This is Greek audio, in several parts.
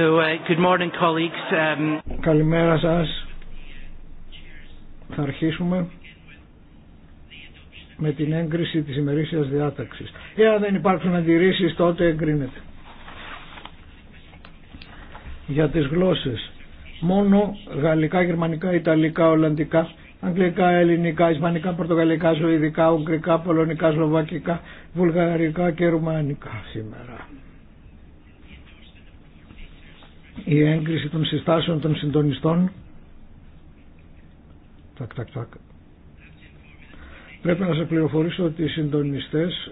Uh, good morning, colleagues. Um, Καλημέρα σας. Θα αρχίσουμε με την έγκριση της ημερήσιας διάταξης. Εάν δεν υπάρχουν αντιρρήσεις τότε εγκρίνεται. Για τις γλώσσες. Μόνο γαλλικά, γερμανικά, ιταλικά, ολλανδικά, αγγλικά, ελληνικά, ισπανικά, πορτογαλικά, ζωηδικά, ουγγρικά, πολωνικά, σλοβακικά, βουλγαρικά και ρουμανικά σήμερα η έγκριση των συστάσεων των συντονιστών τακ, τακ, τακ. πρέπει να σας πληροφορήσω ότι οι συντονιστές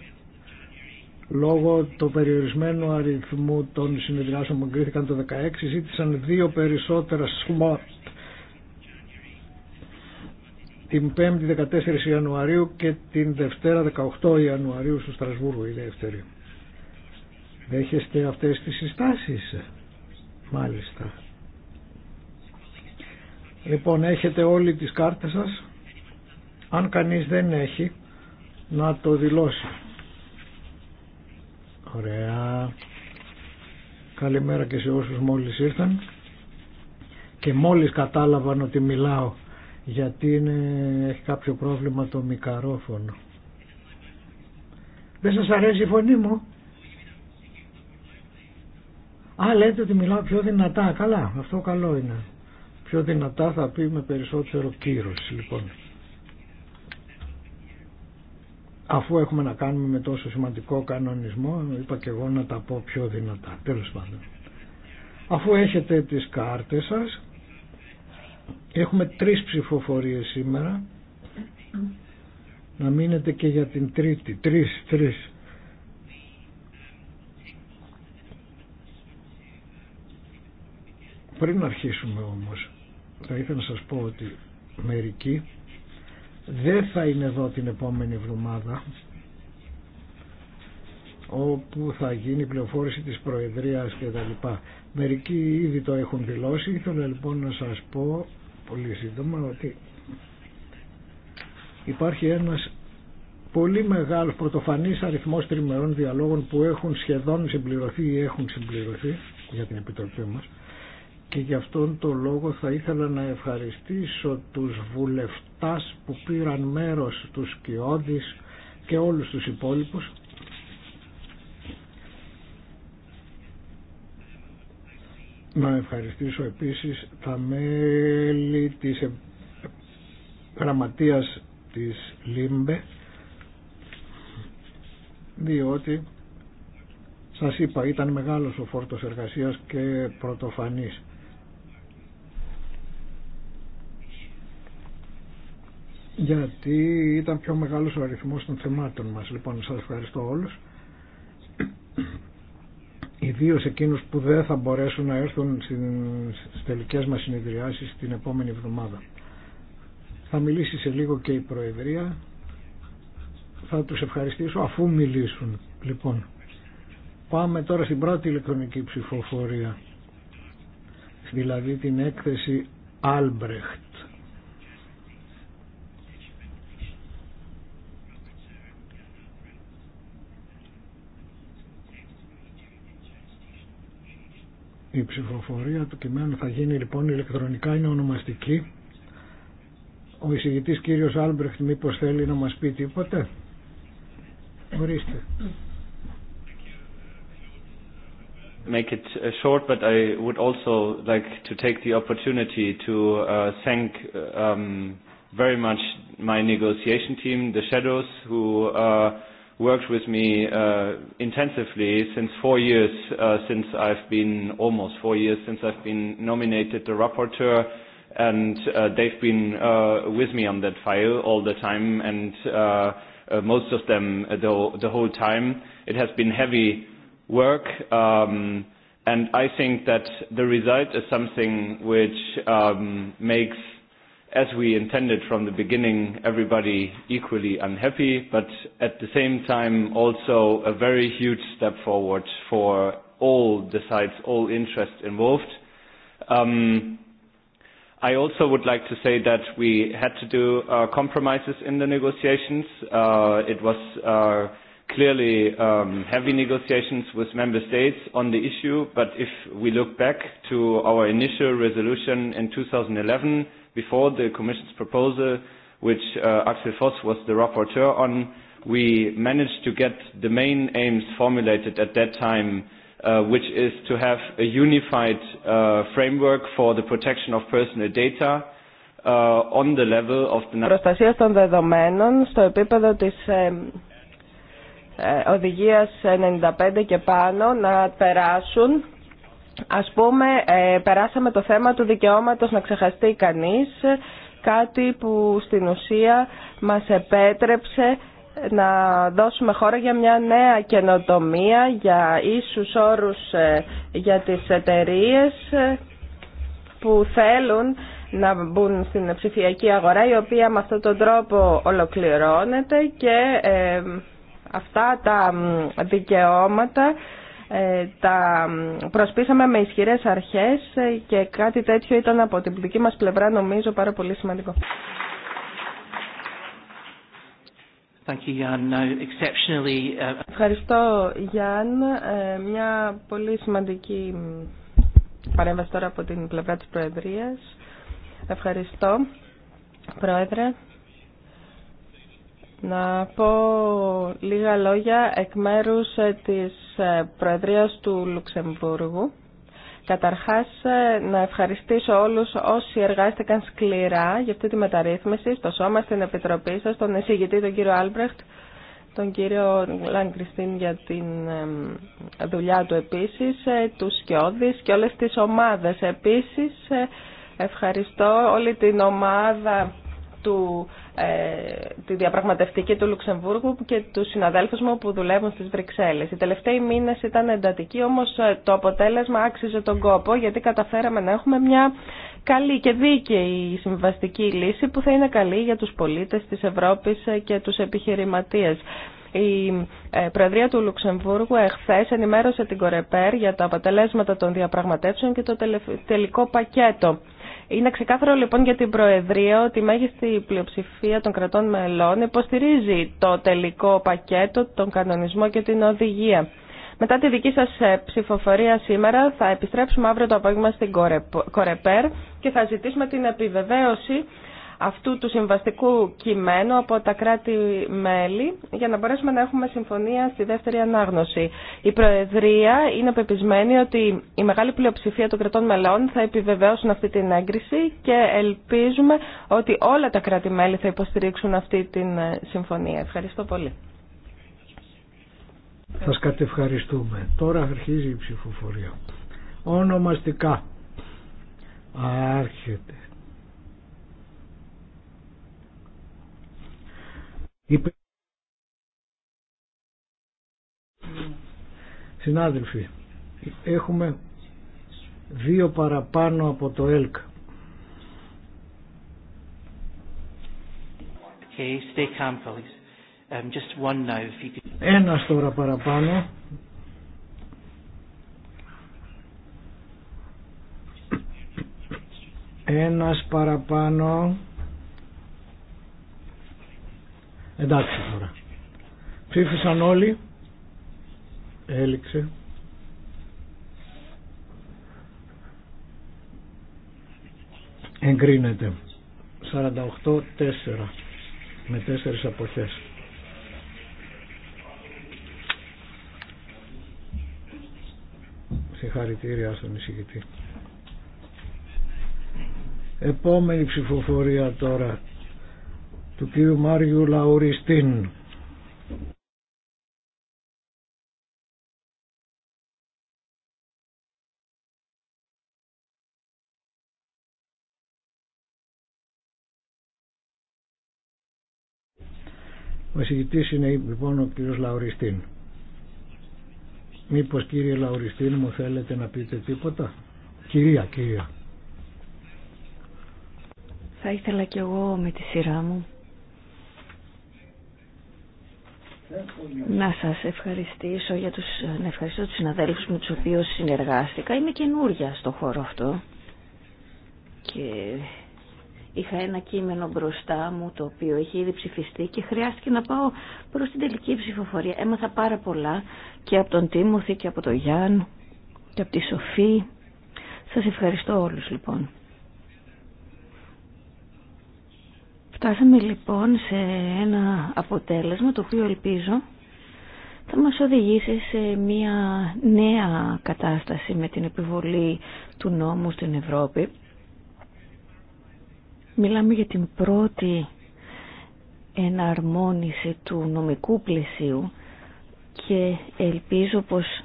λόγω του περιορισμένου αριθμού των συνεδριάσεων που εγκρίθηκαν το 16 ζήτησαν δύο περισσότερα σμότ την 5η 14 Ιανουαρίου και την Δευτέρα 18 Ιανουαρίου στο Στρασβούργο η δεύτερη. Δέχεστε αυτές τις συστάσεις. Μάλιστα. Λοιπόν, έχετε όλοι τις κάρτες σας. Αν κανείς δεν έχει, να το δηλώσει. Ωραία. Καλημέρα και σε όσους μόλις ήρθαν. Και μόλις κατάλαβαν ότι μιλάω, γιατί είναι, έχει κάποιο πρόβλημα το μικαρόφωνο. Δεν σας αρέσει η φωνή μου. Α, λέτε ότι μιλάω πιο δυνατά. Καλά, αυτό καλό είναι. Πιο δυνατά θα πει με περισσότερο κύρος, λοιπόν. Αφού έχουμε να κάνουμε με τόσο σημαντικό κανονισμό, είπα και εγώ να τα πω πιο δυνατά, τέλος πάντων. Αφού έχετε τις κάρτες σας, έχουμε τρεις ψηφοφορίες σήμερα. Να μείνετε και για την τρίτη, τρεις, τρεις. Πριν αρχίσουμε όμως, θα ήθελα να σας πω ότι μερικοί δεν θα είναι εδώ την επόμενη εβδομάδα όπου θα γίνει η πληροφόρηση της Προεδρίας και τα λοιπά. Μερικοί ήδη το έχουν δηλώσει. Ήθελα λοιπόν να σας πω πολύ σύντομα ότι υπάρχει ένας πολύ μεγάλος πρωτοφανής αριθμός τριμερών διαλόγων που έχουν σχεδόν συμπληρωθεί ή έχουν συμπληρωθεί για την Επιτροπή μας και γι' αυτόν τον λόγο θα ήθελα να ευχαριστήσω τους βουλευτάς που πήραν μέρος τους Κιώδης και όλους τους υπόλοιπους Να ευχαριστήσω επίσης τα μέλη της ε, γραμματείας της ΛΥΜΠΕ διότι σας είπα ήταν μεγάλος ο φόρτος εργασίας και πρωτοφανής γιατί ήταν πιο μεγάλος ο αριθμός των θεμάτων μας. Λοιπόν, σας ευχαριστώ όλους. Ιδίως εκείνους που δεν θα μπορέσουν να έρθουν στις τελικές μας συνεδριάσεις την επόμενη εβδομάδα. Θα μιλήσει σε λίγο και η Προεδρία. Θα τους ευχαριστήσω αφού μιλήσουν. Λοιπόν, πάμε τώρα στην πρώτη ηλεκτρονική ψηφοφορία. Δηλαδή την έκθεση Albrecht. Η ψηφοφορία του κειμένου θα γίνει λοιπόν ηλεκτρονικά, είναι ονομαστική. Ο εισηγητής κύριος Άλμπρεχτ μήπως θέλει να μας πει τίποτε. Ορίστε. Make it uh, short, but I would also like to take the opportunity to uh, thank um, very much my negotiation team, the Shadows, who uh, worked with me uh intensively since four years uh since I've been almost four years since I've been nominated the rapporteur and they've been uh with me on that file all the time and uh most of them the whole time. It has been heavy work and I think that the result is something which makes as we intended from the beginning, everybody equally unhappy, but at the same time also a very huge step forward for all the sides, all interests involved. Um, I also would like to say that we had to do uh, compromises in the negotiations. Uh, it was uh, clearly um, heavy negotiations with member states on the issue, but if we look back to our initial resolution in 2011, before the Commission's proposal, which uh Axel Voss was the rapporteur on, we managed to get the main aims formulated at that time, uh which is to have a unified uh framework for the protection of personal data uh on the level of the προστασία των δεδομένων στο επίπεδο της οδηγίας 95 και πάνω να περάσουν Ας πούμε, ε, περάσαμε το θέμα του δικαιώματος να ξεχαστεί κανείς, κάτι που στην ουσία μας επέτρεψε να δώσουμε χώρα για μια νέα καινοτομία, για ίσους όρους ε, για τις εταιρείε ε, που θέλουν να μπουν στην ψηφιακή αγορά, η οποία με αυτόν τον τρόπο ολοκληρώνεται και αυτά τα δικαιώματα ε, τα προσπίσαμε με ισχυρές αρχές και κάτι τέτοιο ήταν από την δική μας πλευρά νομίζω πάρα πολύ σημαντικό. Uh, Ευχαριστώ, Γιάν. Ε, μια πολύ σημαντική παρέμβαση τώρα από την πλευρά της Προεδρίας. Ευχαριστώ, Πρόεδρε. Να πω λίγα λόγια εκ μέρους ε, της ε, Προεδρία του Λουξεμβούργου. Καταρχάς, ε, να ευχαριστήσω όλους όσοι εργάστηκαν σκληρά για αυτή τη μεταρρύθμιση στο σώμα, στην Επιτροπή σας, τον εισηγητή, τον κύριο Άλμπρεχτ, τον κύριο Λαγκριστίν για τη δουλειά του επίσης, του Σκιώδης και όλες τις ομάδες. Επίσης, ευχαριστώ όλη την ομάδα του, ε, τη διαπραγματευτική του Λουξεμβούργου και του συναδέλφου μου που δουλεύουν στις Βρυξέλλες. Οι τελευταίοι μήνες ήταν εντατικοί, όμως ε, το αποτέλεσμα άξιζε τον κόπο γιατί καταφέραμε να έχουμε μια καλή και δίκαιη συμβαστική λύση που θα είναι καλή για τους πολίτες της Ευρώπης ε, και τους επιχειρηματίες. Η ε, Προεδρία του Λουξεμβούργου εχθέ ενημέρωσε την Κορεπέρ για τα αποτελέσματα των διαπραγματεύσεων και το τελικό πακέτο. Είναι ξεκάθαρο λοιπόν για την Προεδρία ότι η μέγιστη πλειοψηφία των κρατών μελών υποστηρίζει το τελικό πακέτο, τον κανονισμό και την οδηγία. Μετά τη δική σας ε, ψηφοφορία σήμερα θα επιστρέψουμε αύριο το απόγευμα στην Κορεπέρ και θα ζητήσουμε την επιβεβαίωση αυτού του συμβαστικού κειμένου από τα κράτη-μέλη για να μπορέσουμε να έχουμε συμφωνία στη δεύτερη ανάγνωση. Η Προεδρία είναι πεπισμένη ότι η μεγάλη πλειοψηφία των κρατών μελών θα επιβεβαιώσουν αυτή την έγκριση και ελπίζουμε ότι όλα τα κράτη-μέλη θα υποστηρίξουν αυτή την ε, συμφωνία. Ευχαριστώ πολύ. Θα κατευχαριστούμε. Τώρα αρχίζει η ψηφοφορία. Ονομαστικά. Άρχεται. συνάδελφοι έχουμε δύο παραπάνω από το ΕΛΚ okay, stay calm, um, just one now, Ένας τώρα παραπάνω. Ένας παραπάνω. Εντάξει τώρα. Ψήφισαν όλοι. Έληξε. Εγκρίνεται. 48-4 με τέσσερις αποχές. Συγχαρητήρια στον εισηγητή. Επόμενη ψηφοφορία τώρα του κύριου Μάριου Λαουριστίν. Ο εισηγητής είναι λοιπόν ο κύριος Λαουριστίν. Μήπως κύριε Λαουριστίν μου θέλετε να πείτε τίποτα. Κυρία, κυρία. Θα ήθελα κι εγώ με τη σειρά μου Να σας ευχαριστήσω για τους, να ευχαριστώ τους συναδέλφους με τους οποίους συνεργάστηκα. Είμαι καινούρια στο χώρο αυτό και είχα ένα κείμενο μπροστά μου το οποίο έχει ήδη ψηφιστεί και χρειάστηκε να πάω προς την τελική ψηφοφορία. Έμαθα πάρα πολλά και από τον Τίμωθη και από τον Γιάννη και από τη Σοφή. Σας ευχαριστώ όλους λοιπόν. Φτάσαμε λοιπόν σε ένα αποτέλεσμα το οποίο ελπίζω θα μας οδηγήσει σε μια νέα κατάσταση με την επιβολή του νόμου στην Ευρώπη. Μιλάμε για την πρώτη εναρμόνιση του νομικού πλαισίου και ελπίζω πως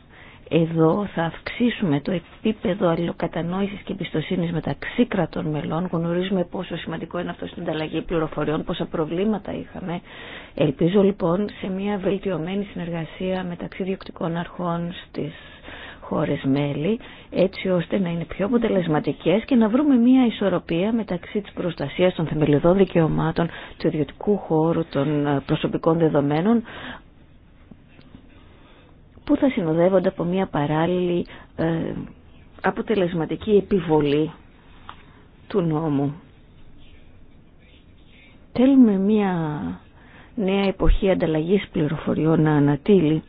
εδώ θα αυξήσουμε το επίπεδο αλληλοκατανόηση και εμπιστοσύνη μεταξύ κρατών μελών. Γνωρίζουμε πόσο σημαντικό είναι αυτό στην ανταλλαγή πληροφοριών, πόσα προβλήματα είχαμε. Ελπίζω λοιπόν σε μια βελτιωμένη συνεργασία μεταξύ διοκτικών αρχών στι χώρε μέλη, έτσι ώστε να είναι πιο αποτελεσματικέ και να βρούμε μια ισορροπία μεταξύ τη προστασία, των θεμελιωδών δικαιωμάτων, του ιδιωτικού χώρου, των ε, προσωπικών δεδομένων, που θα συνοδεύονται από μια παράλληλη ε, αποτελεσματική επιβολή του νόμου. Θέλουμε μια νέα εποχή ανταλλαγής πληροφοριών να ανατείλει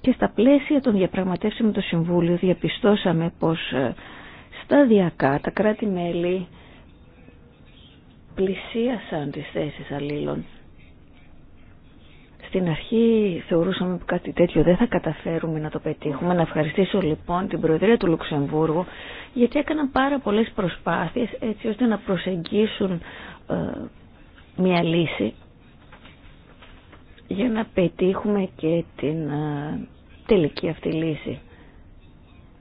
και στα πλαίσια των διαπραγματεύσεων με το Συμβούλιο διαπιστώσαμε πως ε, σταδιακά τα κράτη-μέλη πλησίασαν τις θέσεις αλλήλων στην αρχή θεωρούσαμε ότι κάτι τέτοιο δεν θα καταφέρουμε να το πετύχουμε. Να ευχαριστήσω λοιπόν την Προεδρία του Λουξεμβούργου γιατί έκαναν πάρα πολλές προσπάθειες έτσι ώστε να προσεγγίσουν ε, μια λύση για να πετύχουμε και την ε, τελική αυτή λύση.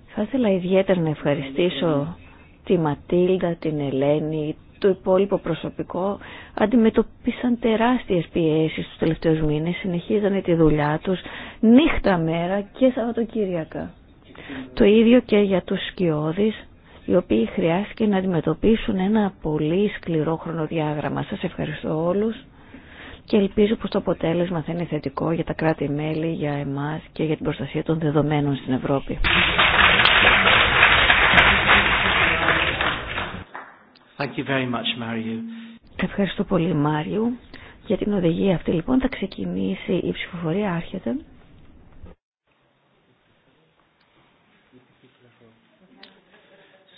Θα ήθελα ιδιαίτερα να ευχαριστήσω τη Ματίλδα, την Ελένη, το υπόλοιπο προσωπικό αντιμετωπίσαν τεράστιες πιέσεις τους τελευταίους μήνες, συνεχίζανε τη δουλειά τους νύχτα μέρα και Σαββατοκύριακα. Το ίδιο και για τους σκιώδεις, οι οποίοι χρειάστηκε να αντιμετωπίσουν ένα πολύ σκληρό χρονοδιάγραμμα. Σας ευχαριστώ όλους και ελπίζω πως το αποτέλεσμα θα είναι θετικό για τα κράτη-μέλη, για εμάς και για την προστασία των δεδομένων στην Ευρώπη. Thank you very much, Mario. Ευχαριστώ πολύ Μάριο. Για την οδηγία αυτή λοιπόν θα ξεκινήσει η ψηφοφορία άρχεται.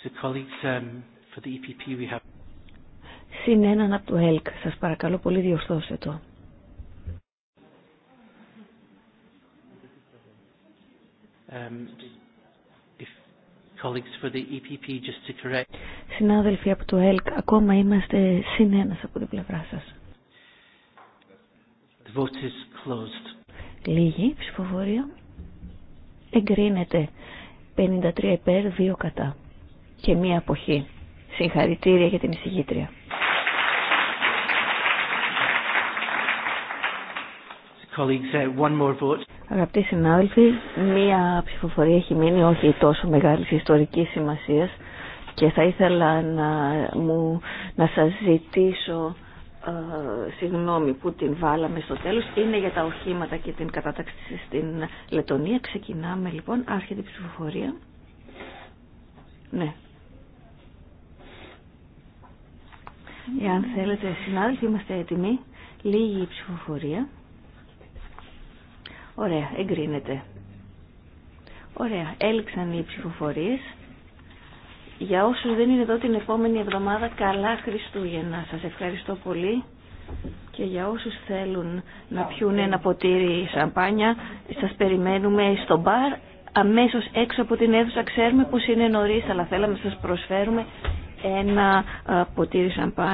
So, colleagues, um, for the EPP we have... Συν έναν από το ΕΛΚ. Σας παρακαλώ πολύ διορθώστε το. Um, if colleagues for the EPP just to correct... Συνάδελφοι από το ΕΛΚ, ακόμα είμαστε συνένα από την πλευρά σας. Λίγη ψηφοφορία. Εγκρίνεται 53 υπέρ, 2 κατά και μία αποχή. Συγχαρητήρια για την εισηγήτρια. Uh, Αγαπητοί συνάδελφοι, μία ψηφοφορία έχει μείνει όχι τόσο μεγάλη ιστορική σημασία και θα ήθελα να, μου, να σας ζητήσω ε, συγγνώμη που την βάλαμε στο τέλος είναι για τα οχήματα και την κατάταξη στην Λετωνία ξεκινάμε λοιπόν άρχεται η ψηφοφορία ναι εάν θέλετε συνάδελφοι είμαστε έτοιμοι λίγη ψηφοφορία ωραία εγκρίνεται ωραία έληξαν οι ψηφοφορίες για όσους δεν είναι εδώ την επόμενη εβδομάδα, καλά Χριστούγεννα. Σας ευχαριστώ πολύ. Και για όσους θέλουν να πιούν ένα ποτήρι σαμπάνια, σας περιμένουμε στο μπαρ αμέσως έξω από την αίθουσα. Ξέρουμε πως είναι νωρίς, αλλά θέλαμε να σας προσφέρουμε ένα ποτήρι σαμπάνια.